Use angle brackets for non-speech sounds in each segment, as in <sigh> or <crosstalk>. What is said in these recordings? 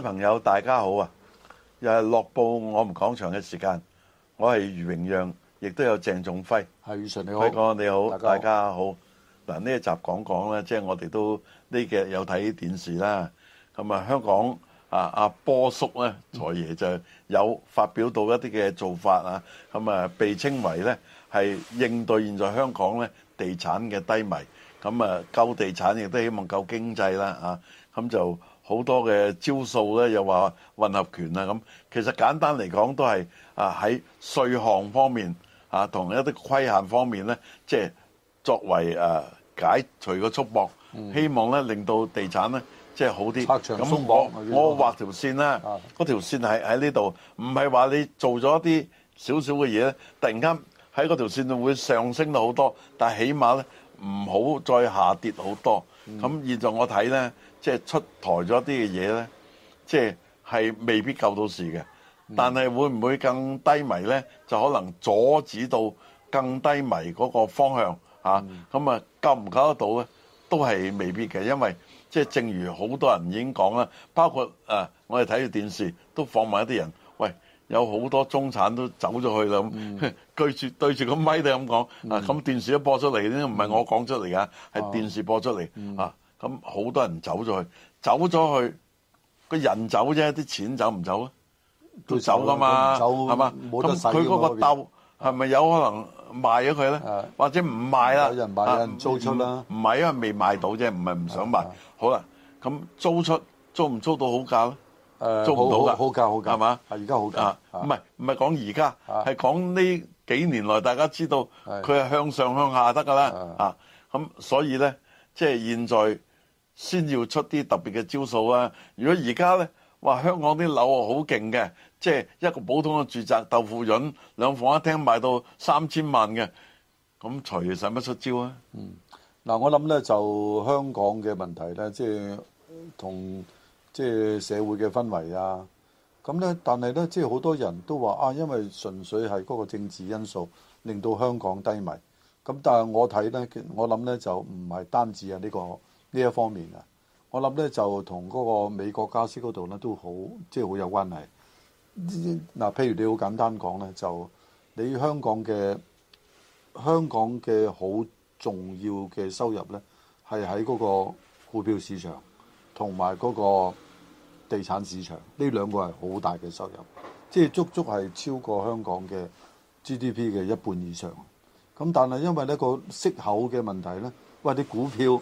朋友大家好啊！又係《落報》我唔講長嘅時間，我係余榮讓，亦都有鄭仲輝。係余 s 你好，各位觀你好，大家好。嗱呢一集講講咧，即、就、係、是、我哋都呢嘅有睇電視啦。咁啊，香港啊阿波叔咧，財爺就有發表到一啲嘅做法啊。咁啊，被稱為咧係應對現在香港咧地產嘅低迷。咁啊，救地產亦都希望救經濟啦啊。咁、啊、就。好多嘅招數咧，又話混合權啊咁，其實簡單嚟講都係啊喺稅項方面啊同一啲規限方面咧，即係作為誒解除個束縛，嗯、希望咧令到地產咧即係好啲。拆牆鬆綁。我畫條線啦，嗰、啊、條線喺呢度，唔係話你做咗一啲少少嘅嘢咧，突然間喺嗰條線度會上升到好多，但係起碼咧唔好再下跌好多。咁現在我睇咧。即係出台咗一啲嘅嘢咧，即係係未必救到事嘅，但係會唔會更低迷咧？就可能阻止到更低迷嗰個方向嚇，咁啊救唔救得到咧？都係未必嘅，因為即係正如好多人已經講啦，包括誒我哋睇住電視都放埋一啲人，喂，有好多中產都走咗去啦咁，對住對住個咪就咁講啊！咁電視都播出嚟咧，唔係我講出嚟噶，係電視播出嚟啊！咁好多人走咗去，走咗去，個人走啫，啲錢走唔走啊？都走噶嘛，係嘛？咁佢嗰個竇係咪有可能賣咗佢咧？或者唔賣啦？有人賣啦，有人租出啦？唔係，因為未賣到啫，唔係唔想賣。好啦，咁租出，租唔租到好價咧？誒，租唔到㗎，好價，好價，係嘛？係而家好價，唔係唔係講而家，係講呢幾年來大家知道，佢係向上向下得㗎啦，啊，咁所以咧，即係現在。先要出啲特別嘅招數啊！如果而家呢，話香港啲樓啊好勁嘅，即係一個普通嘅住宅豆腐潤兩房一廳賣到三千萬嘅，咁財爺使乜出招啊？嗯，嗱，我諗呢就香港嘅問題呢，即係同即係社會嘅氛圍啊。咁呢，但係呢，即係好多人都話啊，因為純粹係嗰個政治因素令到香港低迷。咁但係我睇呢，我諗呢就唔係單止啊、這、呢個。呢一方面啊，我諗呢就同嗰個美國加息嗰度呢都好，即係好有關係。嗱，譬如你好簡單講呢就你香港嘅香港嘅好重要嘅收入呢，係喺嗰個股票市場同埋嗰個地產市場呢，兩個係好大嘅收入，即、就、係、是、足足係超過香港嘅 GDP 嘅一半以上。咁但係因為呢個息口嘅問題呢，或啲、哎、股票。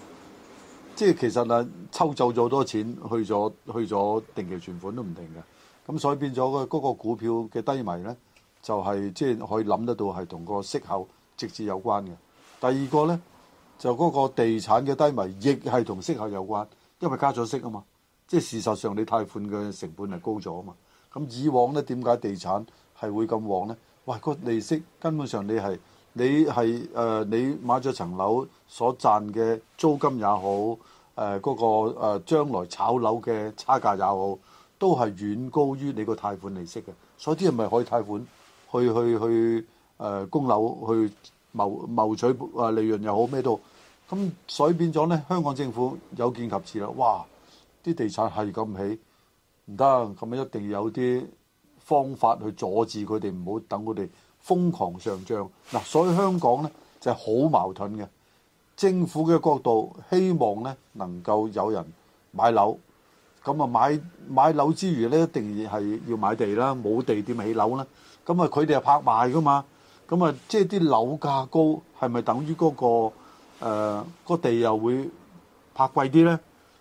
即係其實啊，抽走咗好多錢，去咗去咗定期存款都唔定嘅，咁所以變咗個嗰個股票嘅低迷咧，就係即係可以諗得到係同個息口直接有關嘅。第二個咧，就嗰個地產嘅低迷亦係同息口有關，因為加咗息啊嘛。即係事實上你貸款嘅成本係高咗啊嘛。咁以往咧點解地產係會咁旺咧？哇，個利息根本上你係～你係誒，你買咗層樓所賺嘅租金也好，誒嗰個誒將來炒樓嘅差價也好，都係遠高於你個貸款利息嘅，所以啲人咪可以貸款去去去誒供樓去謀取誒利潤又好咩都好，咁所以變咗咧，香港政府有見及此啦，哇！啲地產係咁起唔得，咁啊一定有啲方法去阻止佢哋唔好等佢哋。瘋狂上漲嗱，所以香港呢就係好矛盾嘅。政府嘅角度希望呢能夠有人買樓，咁啊買買樓之餘呢，一定係要買地啦，冇地點起樓啦。咁啊，佢哋啊拍賣㗎嘛，咁啊即係啲樓價高，係咪等於嗰個誒個地又會拍貴啲呢？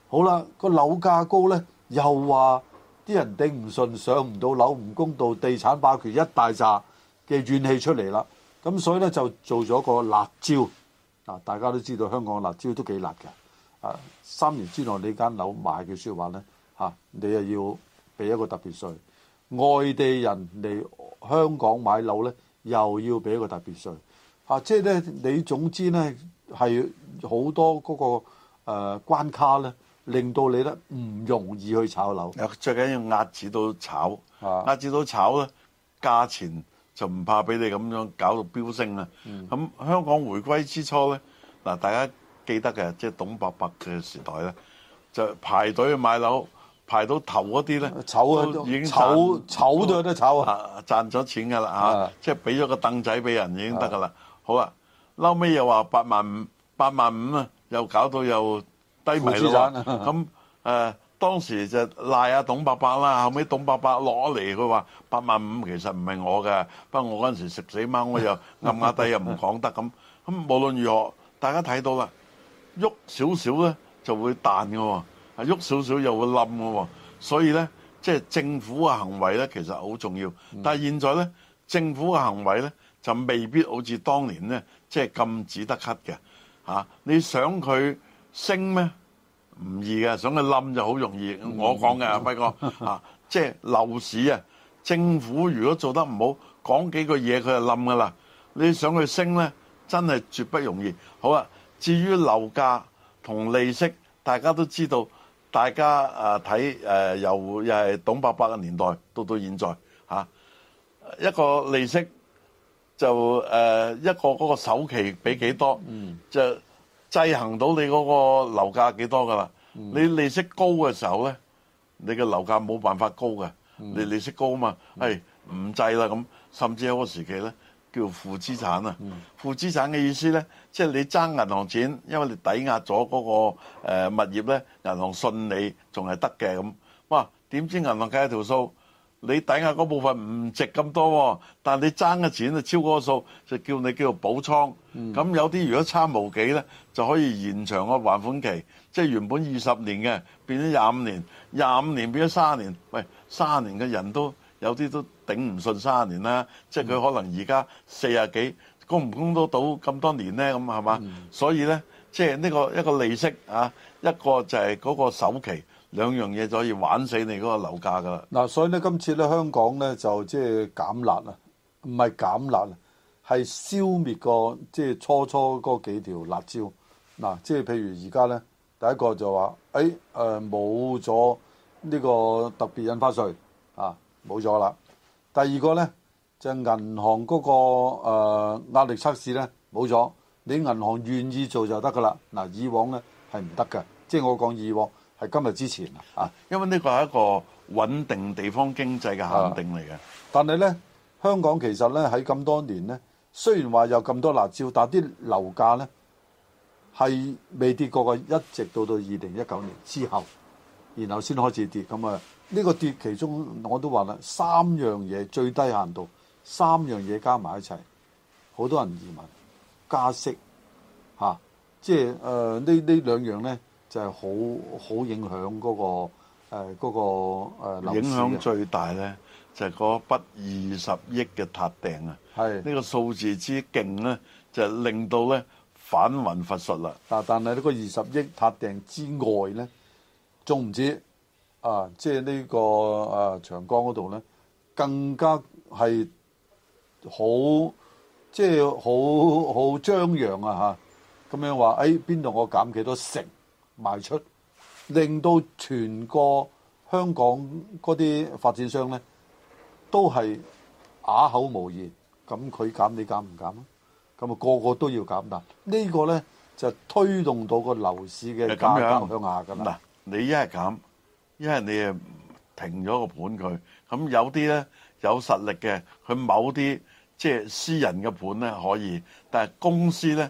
好啦，個樓價高呢，又話啲人頂唔順，上唔到樓，唔公道，地產霸權一大紮嘅怨氣出嚟啦，咁所以咧就做咗個辣招，啊，大家都知道香港辣招都幾辣嘅，啊，三年之內你間樓賣嘅說話咧、啊、你又要俾一個特別稅，外地人嚟香港買樓咧又要俾一個特別稅，即係咧你總之咧係好多嗰、嗰個關、呃、關卡咧，令到你咧唔容易去炒樓，最緊要壓止到炒，壓止到炒咧價錢。就唔怕俾你咁樣搞到飆升啦。咁香港回歸之初咧，嗱，大家記得嘅，即係董伯伯嘅時代咧，就排隊去買樓，排到頭嗰啲咧，已經炒炒咗都炒啊，賺咗錢噶啦嚇，即係俾咗個凳仔俾人已經得噶啦。好啊，嬲尾又話八萬五，八萬五啊，又搞到又低迷咁誒當時就賴阿董伯伯啦，後尾董伯伯攞嚟佢話八萬五其實唔係我嘅，不過我嗰陣時食死貓，我又暗下底又唔講得咁。咁無論如何，大家睇到啦，喐少少咧就會彈㗎喎，喐少少又會冧㗎喎，所以咧即係政府嘅行為咧其實好重要。但係現在咧政府嘅行為咧就未必好似當年咧即係禁止得咳嘅吓，你想佢升咩？唔易嘅，想去冧就好容易。我講嘅阿輝哥啊，即係 <laughs> 樓市啊，政府如果做得唔好，講幾個嘢佢就冧噶啦。你想去升咧，真係絕不容易。好啊，至於樓價同利息，大家都知道，大家啊睇誒，由又係董伯伯嘅年代到到現在嚇、啊，一個利息就誒、呃、一個嗰個首期俾幾多，嗯、就。制衡到你嗰個樓價幾多噶啦？你利息高嘅時候咧，你嘅樓價冇辦法高嘅，你利息高嘛？係唔制啦，咁，甚至有個時期咧叫負資產啊！負資產嘅意思咧，即係你爭銀行錢，因為你抵押咗嗰個誒物業咧，銀行信你仲係得嘅咁。哇！點知銀行計一條數。你抵押嗰部分唔值咁多，但係你爭嘅錢就超過個數，就叫你叫做補倉。咁、嗯、有啲如果差無幾呢，就可以延長個還款期，即、就、係、是、原本二十年嘅變咗廿五年，廿五年變咗三十年。喂，三十年嘅人都有啲都頂唔順三十年啦，嗯、即係佢可能而家四十幾，供唔供得到咁多年呢？咁係嘛？嗯、所以呢，即係呢個一個利息啊，一個就係嗰個首期。兩樣嘢就可以玩死你嗰個樓價噶啦。嗱，所以咧，今次咧，香港咧就即係減辣啊，唔係減辣，係消滅個即係初初嗰幾條辣椒。嗱，即係譬如而家咧，第一個就話，誒誒冇咗呢個特別印花稅啊，冇咗啦。第二個咧，就銀行嗰個誒壓力測試咧冇咗，你銀行願意做就得噶啦。嗱，以往咧係唔得嘅，即係我講以往。係今日之前啊，因為呢個係一個穩定地方經濟嘅限定嚟嘅、啊。但係呢，香港其實呢，喺咁多年呢，雖然話有咁多辣招，但啲樓價呢，係未跌過嘅，一直到到二零一九年之後，然後先開始跌咁啊。呢、呢個跌其中我都話啦，三樣嘢最低限度，三樣嘢加埋一齊，好多人移民、加息嚇，即係呢呢兩樣呢。就係好好影響嗰、那個誒嗰、呃那個呃、影響最大咧，嗯、就係嗰筆二十億嘅撻訂啊！係呢是個數字之勁咧，就係、是、令到咧反魂乏術啦。但係呢個二十億撻訂之外咧，仲唔止，啊！即係呢個、啊、長江嗰度咧，更加係好即係好好張揚啊！嚇、啊、咁樣話誒，邊、哎、度我減幾多少成？賣出，令到全個香港嗰啲發展商咧，都係啞、呃、口無言。咁佢減你減唔減啊？咁啊個個都要減，但、呢個、呢個咧就推動到個樓市嘅價格向下㗎啦。你一係減，一係你誒停咗個盤佢。咁有啲咧有實力嘅，佢某啲即係私人嘅盤咧可以，但係公司咧。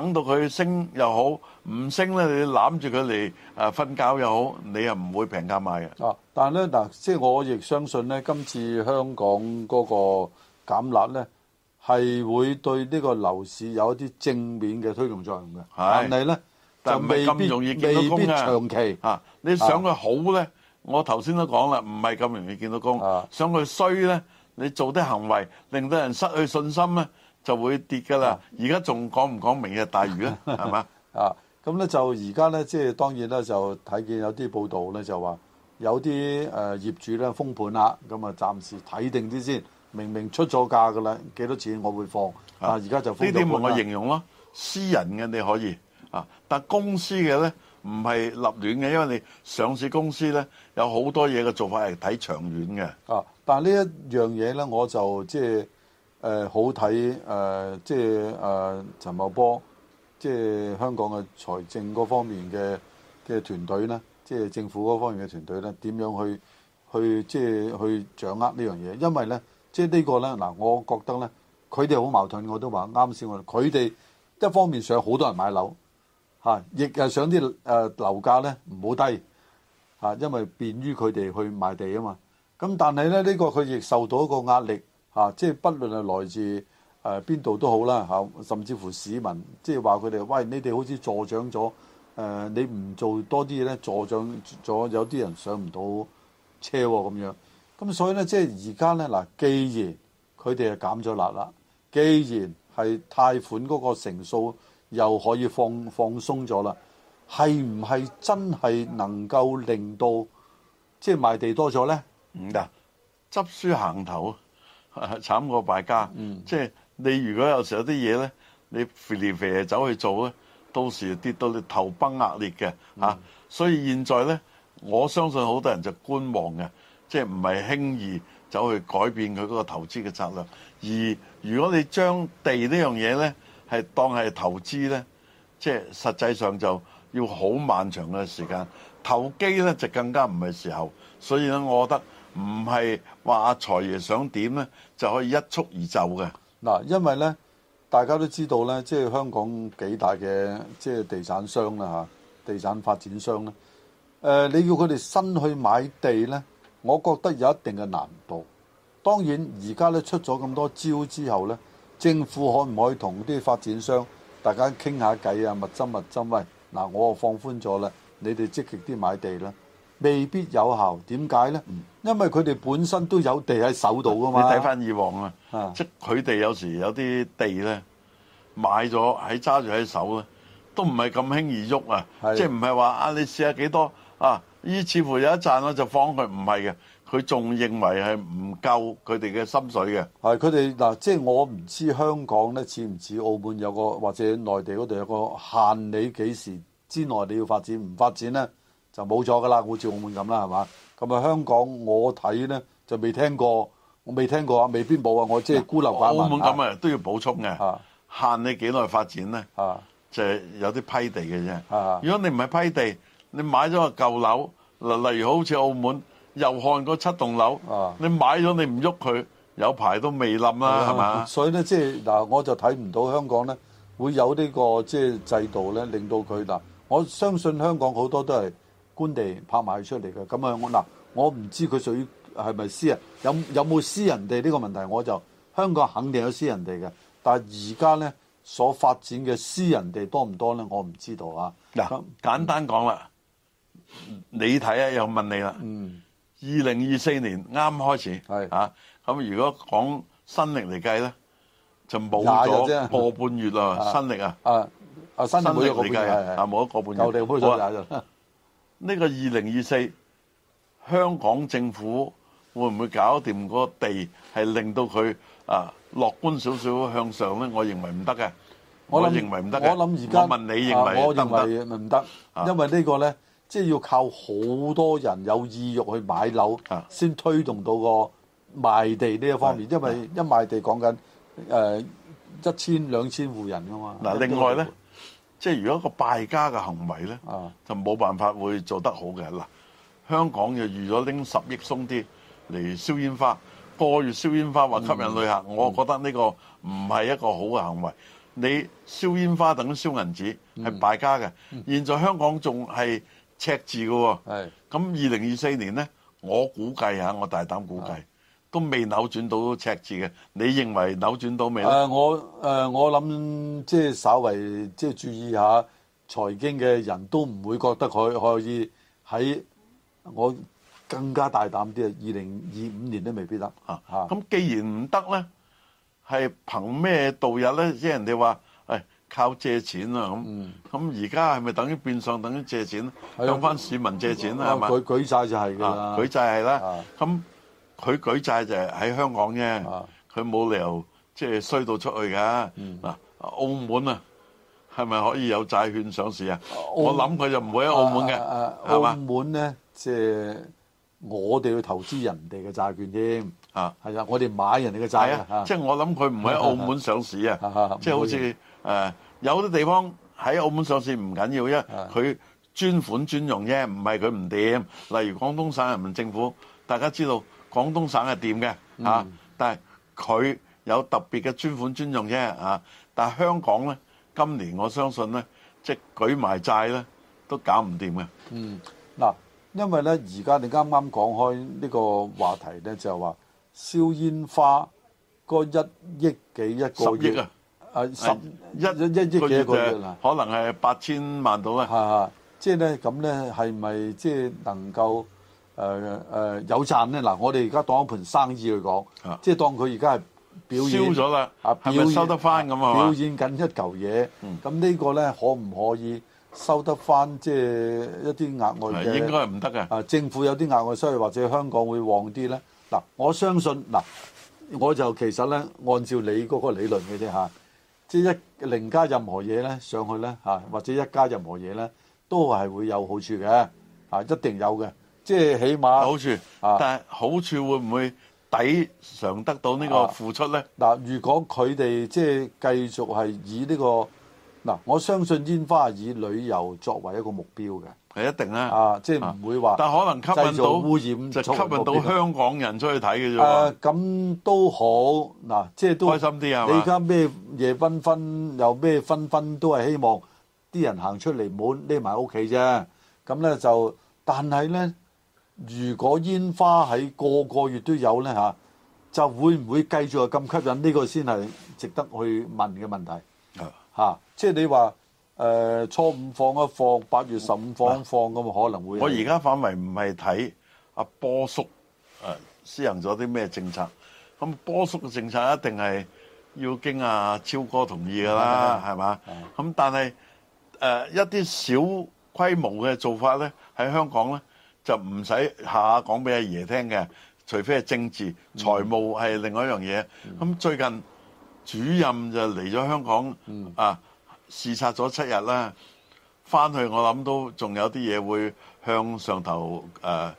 等到佢升又好，唔升咧，你攬住佢嚟啊瞓覺又好，你又唔會平價賣嘅。哦，但係咧嗱，即係我亦相信咧，今次香港嗰個減辣咧，係會對呢個樓市有一啲正面嘅推動作用嘅。係，但係咧就未必未必長期嚇。你想佢好咧，我頭先都講啦，唔係咁容易見到功。啊，想佢衰咧，你做啲行為令到人失去信心咧。就會跌㗎啦！而家仲講唔講明日大嶼咧？係嘛 <laughs> 啊？咁咧就而家咧，即、就、係、是、當然呢，就睇見有啲報道咧，就話有啲誒、呃、業主咧封盤啦。咁啊，暫時睇定啲先。明明出咗價㗎啦，幾多錢我會放啊！而家、啊、就呢啲我形容咯，私人嘅你可以啊，但公司嘅咧唔係立亂嘅，因為你上市公司咧有好多嘢嘅做法係睇長遠嘅啊。但呢一樣嘢咧，我就即係。就是誒、呃、好睇誒、呃，即係誒、呃、陳茂波，即係香港嘅財政嗰方面嘅嘅團隊咧，即係政府嗰方面嘅團隊咧，點樣去去即係去掌握呢樣嘢？因為咧，即係呢個咧，嗱，我覺得咧，佢哋好矛盾。我都話啱先，我佢哋一方面想好多人買樓，亦係想啲誒、呃、樓價咧唔好低，因為便於佢哋去賣地啊嘛。咁但係咧，呢、呢個佢亦受到一個壓力。啊，即係不論係來自誒邊度都好啦、啊、甚至乎市民，即係話佢哋，喂，你哋好似助長咗誒、呃，你唔做多啲嘢咧，助長咗有啲人上唔到車咁樣。咁所以咧，即係而家咧嗱，既然佢哋係減咗辣啦，既然係貸款嗰個成數又可以放放鬆咗啦，係唔係真係能夠令到即係賣地多咗咧？得、嗯、執輸行頭啊！慘過敗家，嗯、即係你如果有時候啲嘢咧，你肥嚟肥去走去做咧，到時就跌到你頭崩額裂嘅、嗯啊、所以現在咧，我相信好多人就觀望嘅，即係唔係輕易走去改變佢嗰個投資嘅策略。而如果你將地呢樣嘢咧係當係投資咧，即係實際上就要好漫長嘅時間。投機咧就更加唔係時候。所以咧，我覺得。唔係話阿財爺想點呢，就可以一蹴而就嘅。嗱，因為呢，大家都知道呢，即係香港幾大嘅即係地產商啦嚇，地產發展商呢。你要佢哋新去買地呢，我覺得有一定嘅難度。當然而家呢，出咗咁多招之後呢，政府可唔可以同啲發展商大家傾下偈啊？密斟密斟，喂，嗱，我放寬咗啦，你哋積極啲買地啦。未必有效，點解咧？因為佢哋本身都有地喺手度噶嘛。你睇翻以往啊，是的 即佢哋有時有啲地咧買咗喺揸住喺手咧，都唔係咁輕易喐啊！是的 即唔係話啊？你試下幾多啊？依似乎有一賺我就放佢，唔係嘅，佢仲認為係唔夠佢哋嘅心水嘅。係佢哋嗱，即係我唔知香港咧似唔似澳門有個，或者內地嗰度有個限你幾時之內你要發展，唔發展咧？就冇咗噶啦，好似澳門咁啦，係嘛？咁啊，香港我睇咧就未聽過，我未聽過啊，未必冇啊。我即係孤陋寡聞啊。澳門咁啊，都要補充嘅，限你幾耐發展咧，就係有啲批地嘅啫。如果你唔係批地，你買咗個舊樓，例例如好似澳門祐漢嗰七棟樓，你買咗你唔喐佢，有排都未冧啦，係嘛？所以咧，即係嗱，我就睇唔到香港咧會有呢個即係制度咧，令到佢嗱，我相信香港好多都係。官地拍賣出嚟嘅，咁啊，我嗱，我唔知佢屬於係咪私人，有有冇私人地呢個問題，我就香港肯定有私人地嘅，但係而家咧所發展嘅私人地多唔多咧，我唔知道啊。嗱，簡單講啦，嗯、你睇下、啊，又問你啦。嗯。二零二四年啱開始，係是啊，咁如果講新歷嚟計咧，就冇咗個半月啦，是新歷啊。啊啊！新歷嚟計半月啊，冇咗個半月。呢個二零二四香港政府會唔會搞掂嗰地係令到佢啊樂觀少少向上咧？我認為唔得嘅，我諗，我認為唔得。我諗而家，我問你認為唔得，唔得。因為呢個咧，即係要靠好多人有意欲去買樓，先，啊，推動到個賣地呢一方面。係嘅。因為一賣地講緊誒一千兩千戶人㗎嘛。嗱，另外咧。即係如果一個敗家嘅行為咧，啊、就冇辦法會做得好嘅嗱。香港就預咗拎十億鬆啲嚟燒煙花，個月燒煙花話吸引旅客，嗯嗯、我覺得呢個唔係一個好嘅行為。你燒煙花等於燒銀紙，係敗家嘅。嗯嗯、現在香港仲係赤字嘅喎，咁二零二四年咧，我估計下，我大膽估計。都未扭轉到赤字嘅，你認為扭轉到未咧、呃？我誒、呃，我諗即係稍為即係注意下財經嘅人都唔會覺得佢可以喺，我更加大膽啲啊！二零二五年都未必得嚇。咁既然唔得咧，係憑咩度日咧？即係人哋話誒靠借錢啊咁。咁而家係咪等於變相等於借錢向翻、嗯、市民借錢、嗯、係咪啊？嘛，舉舉債就係㗎啦，舉債係啦。咁、啊佢舉債就係喺香港啫，佢冇理由即係衰到出去噶嗱。澳門啊，係咪可以有債券上市啊？我諗佢就唔會喺澳門嘅、啊啊。澳門咧，即、就、係、是、我哋去投資人哋嘅債券添啊。係啊，我哋買人哋嘅債啊。即係、啊啊、我諗佢唔會喺澳門上市啊。即係、啊啊、好似有啲地方喺澳門上市唔緊要，啊、因為佢專款專用啫，唔係佢唔掂。例如廣東省人民政府，大家知道。廣東省係掂嘅嚇，但係佢有特別嘅專款專用啫嚇。但係香港咧，今年我相信咧，即係舉埋債咧，都搞唔掂嘅。嗯，嗱，因為咧而家你啱啱講開呢個話題咧，就係話燒煙花嗰一億幾一個億，十億啊，啊十一億一億幾個億啊，可能係八千萬度咧。係啊，即係咧咁咧，係咪即係能夠？誒誒有賺咧嗱！我哋而家當一盤生意去講，即係當佢而家係表演咗啦，係咪收得翻咁啊？表演緊一嚿嘢，咁呢個咧可唔可以收得翻？即係一啲額外嘅應該係唔得嘅。啊，政府有啲額外收入，或者香港會旺啲咧。嗱，我相信嗱，我就其實咧，按照你嗰個理論嘅啫嚇，即係一零加任何嘢咧上去咧嚇，或者一加任何嘢咧都係會有好處嘅嚇，一定有嘅。即係起碼好處，但係好處會唔會抵償得到呢個付出咧？嗱，如果佢哋即係繼續係以呢個嗱，我相信煙花以旅遊作為一個目標嘅，係一定咧，啊，即係唔會話，但可能吸引到污染，就吸引到香港人出去睇嘅啫。誒，咁都好，嗱，即係都開心啲係嘛？你而家咩夜繽紛，又咩繽紛都係希望啲人行出嚟，唔好匿埋屋企啫。咁咧就，但係咧。如果煙花喺個個月都有咧嚇，就會唔會繼續咁吸引？呢個先係值得去問嘅問題嚇。即係你話誒，初五放一放，八月十五放一放咁啊，可能會。我而家反為唔係睇阿波叔誒施行咗啲咩政策，咁波叔嘅政策一定係要經阿超哥同意噶啦，係嘛？咁但係誒一啲小規模嘅做法咧，喺香港咧。就唔使下下講俾阿爺聽嘅，除非係政治、嗯、財務係另外一樣嘢。咁、嗯、最近主任就嚟咗香港、嗯、啊，視察咗七日啦，翻去我諗都仲有啲嘢會向上頭誒、啊、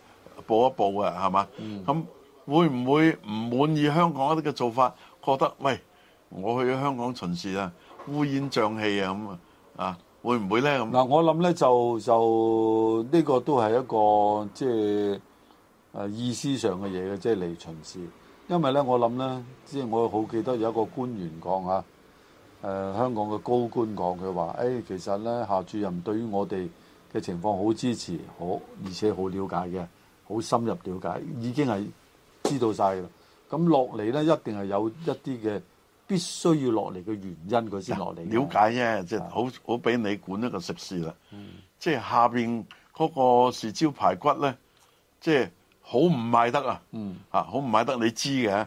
報一報嘅，係嘛？咁、嗯、會唔會唔滿意香港一啲嘅做法？覺得喂，我去咗香港巡視污啊，烏煙瘴氣啊咁啊啊！會唔會呢？嗱，我諗呢就就呢、呢個都係一個即係、就是、意思上嘅嘢嘅，即係嚟巡視。因為呢，我諗呢，即、就、係、是、我好記得有一個官員講啊、呃，香港嘅高官講佢話：誒、哎、其實呢，夏主任對於我哋嘅情況好支持，好而且好了解嘅，好深入了解，已經係知道晒。」嘅。咁落嚟呢，一定係有一啲嘅。必須要落嚟嘅原因，佢先落嚟。瞭解啫，即係好好俾你管一個食肆啦。即係下邊嗰個豉椒排骨咧，即係好唔賣得啊！啊，好唔賣得，你知嘅。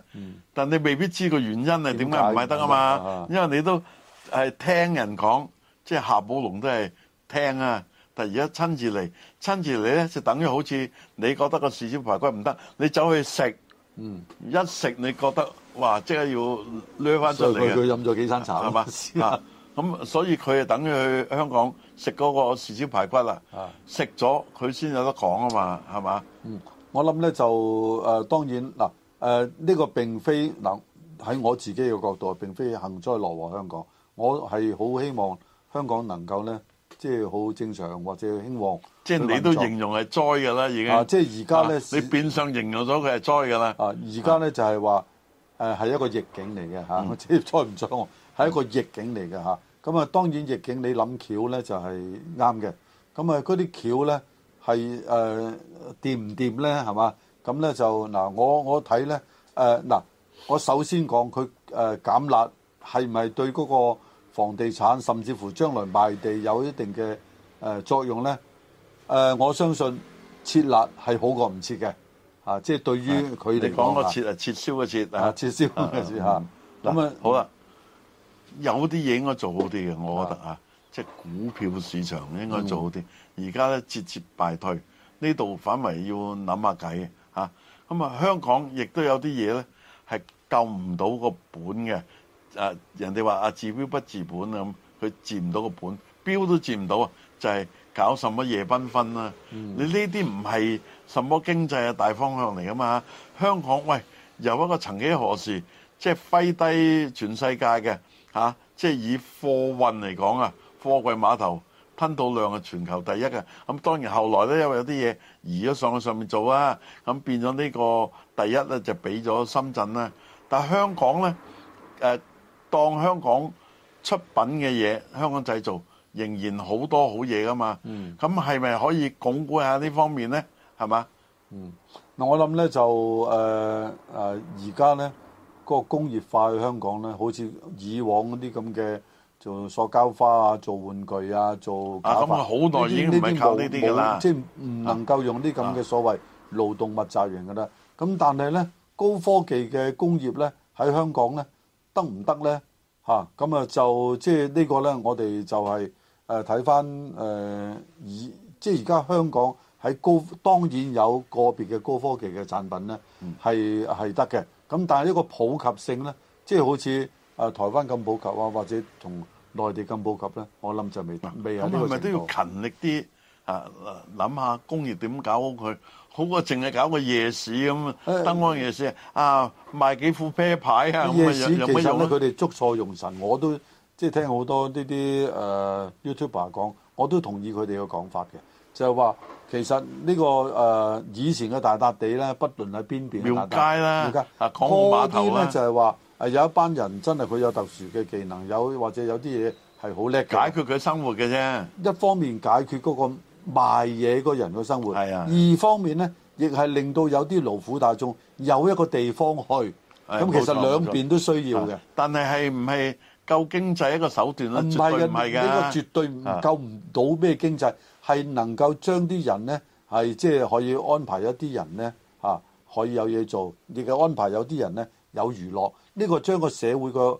但你未必知個原因係點解唔賣得啊嘛？因為你都係聽人講，即係夏寶龍都係聽啊。但而家親自嚟，親自嚟咧就等於好似你覺得個豉椒排骨唔得，你走去食。嗯，一食你覺得話即係要掠翻上嚟，所以佢飲咗幾餐茶係嘛啊？咁吧 <laughs> 所以佢就等佢去香港食嗰個豉椒排骨啊，食咗佢先有得講啊嘛，係嘛？嗯，我諗咧就誒、呃、當然嗱誒呢個並非嗱喺、呃、我自己嘅角度並並非幸災樂禍香港，我係好希望香港能夠咧即係好正常或者興旺。即係你都形容係災㗎啦，已經。啊，即係而家咧，你變相形容咗佢係災㗎啦。啊，而家咧就係話誒係一個逆境嚟嘅嚇，即係災唔災喎？係一個逆境嚟嘅嚇。咁、嗯、啊，當然逆境你諗橋咧就係啱嘅。咁啊，啲橋咧係誒掂唔掂咧？係、呃、嘛？咁咧就嗱，我我睇咧誒嗱，我首先講佢誒、呃、減辣係咪係對嗰個房地產甚至乎將來賣地有一定嘅誒、呃、作用咧？誒、呃，我相信設立撤辣係好過唔撤嘅，啊，即、就、係、是、對於佢哋講個撤啊，撤銷嘅撤啊，撤銷嘅撤嚇。咁啊，好啦，有啲嘢應該做好啲嘅，我覺得啊，嗯、即係股票市場應該做好啲。而家咧節節敗退，呢度反為要諗下計嚇。咁啊、嗯，香港亦都有啲嘢咧係救唔到個本嘅。誒、啊，人哋話啊治標不治本啊，咁佢治唔到個本，標都治唔到啊，就係、是。搞什麼夜繽紛啊？嗯、你呢啲唔係什麼經濟嘅大方向嚟噶嘛？香港喂，由一個曾幾何時，即係揮低全世界嘅吓，即係以貨運嚟講啊，貨櫃碼頭吞吐量係全球第一嘅。咁當然後來咧，因為有啲嘢移咗上去上面做啊，咁變咗呢個第一咧就俾咗深圳啦。但香港咧，誒、啊，當香港出品嘅嘢，香港製造。仍然好多好嘢噶嘛，咁係咪可以鞏固一下呢方面咧？係嘛？嗯，嗱我諗咧就誒誒而家咧個工業化嘅香港咧，好似以往嗰啲咁嘅做塑膠花啊、做玩具啊、做啊咁，好耐已經唔係靠呢啲㗎啦，沒沒即係唔能夠用啲咁嘅所謂勞動密集型㗎啦。咁、啊啊、但係咧高科技嘅工業咧喺香港咧得唔得咧？嚇，咁啊就即係呢個咧我哋就係、是。誒睇翻誒即係而家香港喺高當然有個別嘅高科技嘅產品咧，係係得嘅。咁但係呢個普及性咧，即係好似誒台灣咁普及啊，或者同內地咁普及咧，我諗就未未有、啊、呢、嗯、個程度，係咪都要勤力啲啊！諗下工業點搞好佢，好過淨係搞個夜市咁，啊哎、燈光夜市啊，賣幾副啤牌啊！夜市、啊、有有其實咧，佢哋捉錯用神，我都。即係聽好多呢啲誒、呃、YouTuber 講，我都同意佢哋嘅講法嘅，就係話其實呢、呢個誒、呃、以前嘅大笪地咧，不論喺邊邊啦、街啦、碼頭啲咧，就係話誒有一班人真係佢有特殊嘅技能，有或者有啲嘢係好叻嘅，解決佢生活嘅啫。一方面解決嗰個賣嘢嗰人嘅生活，是啊、二方面咧亦係令到有啲勞苦大眾有一個地方去。咁、啊、其實兩邊都需要嘅。但係係唔係？救經濟一個手段啦，唔係嘅，呢個絕對唔救唔到咩經濟，係能夠將啲人咧係即係可以安排一啲人咧嚇可以有嘢做，亦嘅安排有啲人咧有娛樂，呢個將個社會個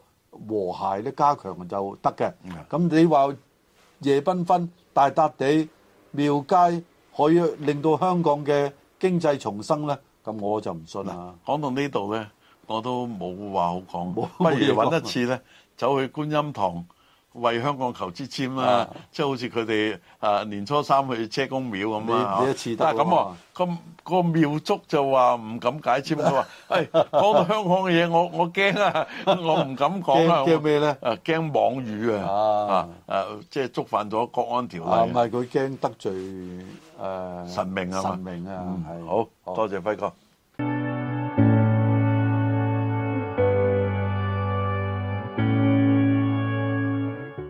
和諧咧加強就得嘅。咁你話夜繽紛、大笪地、廟街可以令到香港嘅經濟重生咧？咁我就唔信啦。講到呢度咧，我都冇話好講，不如揾一次咧。走去觀音堂為香港求支籤啦，即係好似佢哋誒年初三去車公廟咁啦。但係咁啊，咁個廟祝就話唔敢解籤，佢話：誒講到香港嘅嘢，我我驚啊，我唔敢講啊。驚咩咧？誒驚網語啊！啊誒，即係觸犯咗國安條例。唔係佢驚得罪誒神明啊嘛。神明啊，好多謝輝哥。